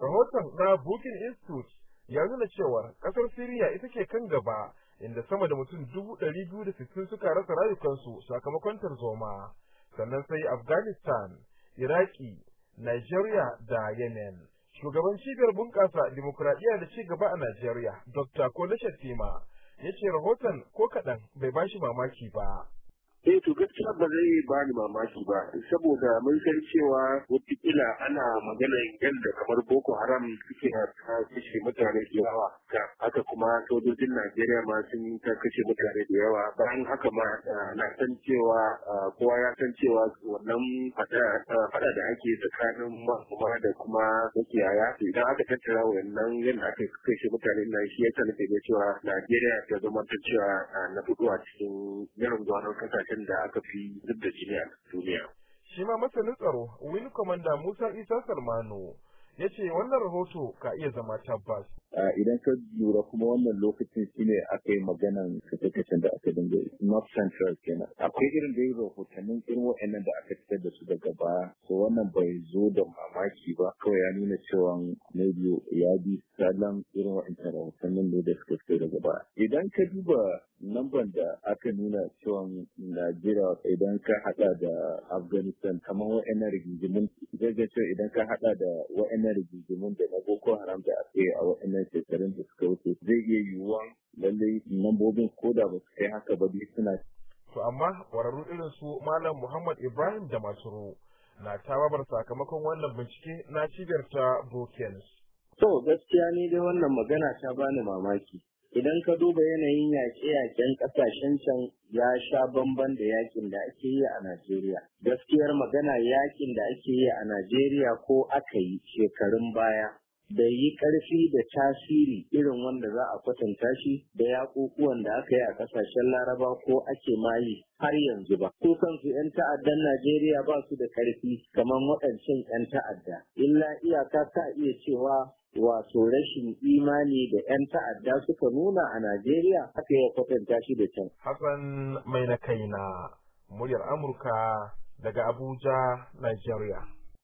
Rahoton na Booking Institute ya nuna cewa ƙasar Siriya ita ke kan gaba inda sama da mutum dubu ɗari biyu da sittin suka rasa rayukansu sakamakon tarzoma. Sannan sai Afghanistan, Iraki, Nigeria da Yemen. Shugaban cibiyar bunƙasa dimokuraɗiyya da ci gaba a Najeriya, Dr. Kola Tima, ya ce rahoton ko kaɗan bai bashi mamaki ba. eh to gaskiya ba zai ba ni mamaki ba saboda mun san cewa wataƙila ana magana yan da kamar boko haram suke ta kashe mutane da yawa haka kuma sojojin najeriya ma sun ta kashe mutane da yawa bayan haka ma eh, na san cewa eh, kowa ya san cewa wannan eh, fada da ake tsakanin manoma da kuma makiyaya idan aka tattara wannan yadda aka kashe mutane na shi ya sanar da cewa najeriya ta zama ta cewa na fito a cikin yaron zuwa kasashe matakin da aka fi zub da jini a duniya. Shi ma masanin tsaro Wing Commander Musa Isa Salmanu ya ce wannan rahoto ka iya zama tabbas. Idan ka lura kuma wannan lokacin shi ne aka yi maganan kashe da aka dinga North Central kenan. Akwai irin da yi rahotannin irin wa'annan da aka fitar da su daga baya. So wannan bai zo da mamaki ba kawai ya nuna cewa biyu ya bi salon irin wa'ancan rahotannin ne da suka fito daga Idan ka duba lamban da aka nuna cewa Najeriya idan ka hada da Afghanistan kamar wa'annan rigingimun zai cewa idan ka hada da wa'annan rigingimun da na Boko Haram da aka yi a wa'annan shekarun da suka wuce zai iya yiwuwa lallai lambobin ko da ba su kai haka ba biyu suna. To amma ƙwararru irin su Malam Muhammad Ibrahim da Masoro na ta sakamakon wannan bincike na cibiyar ta Brookings. To gaskiya ne dai wannan magana ta bani mamaki. Idan ka duba yanayin yaƙe-yaƙen ƙasashen can ya sha bamban da yakin da ake yi a Najeriya. Gaskiyar magana yakin da ake yi a Najeriya ko aka yi shekarun baya bai yi ƙarfi da tasiri irin wanda za a kwatanta shi da yaƙuƙuwan da aka yi a ƙasashen laraba ko ake mayi har yanzu ba. Ko kansu 'yan ta'addan Najeriya ba su da ƙarfi kamar waɗancan 'yan ta'adda. Illa iyaka ta iya cewa wato rashin imani da 'yan ta'adda suka nuna a Najeriya aka yi kwatanta shi da can. Hassan mai na kai na muryar Amurka daga Abuja, Najeriya.